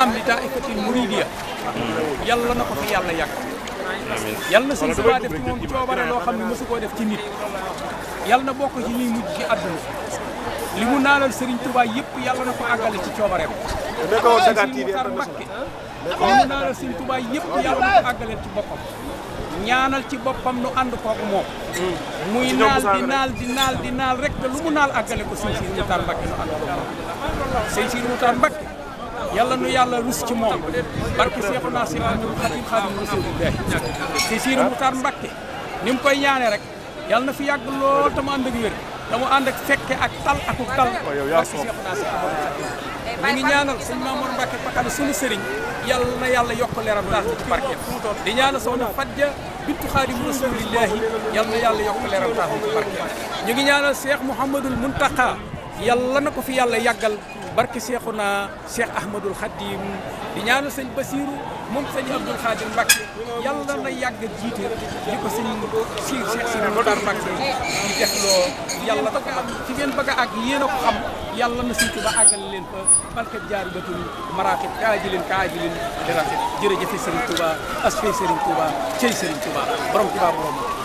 am li taa'ifatil muridiyya yàlla na ko fi yàlla yàgg yàlla na sëñ Tuubaa def ci moom coobare loo xam ne mësu koo def ci nit yàlla na bokk ci ñuy mujj ci àdduna li mu naanal sëriñ Tuubaa yëpp yàlla na ko àggale ci coobareem sëriñ Muxtaar Mbakke li mu naanal sëriñ Tuubaa yëpp yàlla na ko àggaleel ci boppam ñaanal ci boppam nu ànd kooku moom muy naal di naal di naal di naal rek te lu mu naal àggale ko sëriñ Muxtaar Mbakke nu ànd kooku moom sëriñ Muxtaar Mbakke yalla nu yàlla rus ci moom barke Seexuna Seexul Xadiim Xaadimu Rasuulillaahi si Siiru Muxtaar Mbàkke ni koy ñaane rek yàlla na fi yàgg lool te mu ànd ak wér fekke ak tal aku tal oh, barke Seexuna Seexul ñu ngi ñaanal sëñ Mamour Mbacke Pakala suñu sëriñ yàlla na yàlla yokk leeram daal ci barkeem di ñaanal soxna Fadja bintu Xaadimu Rasuulillaahi yàlla na yàlla yokk leeram daal ci barkeem ñu ngi ñaanal Cheikh Mouhamadul Muntaqa na ko fi yàlla yàggal barki Seexuna Cheikh Ahmadul Xadim di ñaanal sëñ Basiiru moom sëñ Abdul Xaadir Mbàkke yàlla na yàgg jiite di ko sëñ si Cheikh Sidi Muxtaar Mbàkke di def loo yàlla da ko am ci ngeen bëgg a àgg yéen a ko xam yàlla na sëñ Tuubaa àggal leen fa barkeb jaari batul maraakib kaajilin kaajilin dara jërëjëfe sëriñ Tuubaa asfe sëriñ Tuubaa cey sëriñ Tuubaa borom Tuubaa borom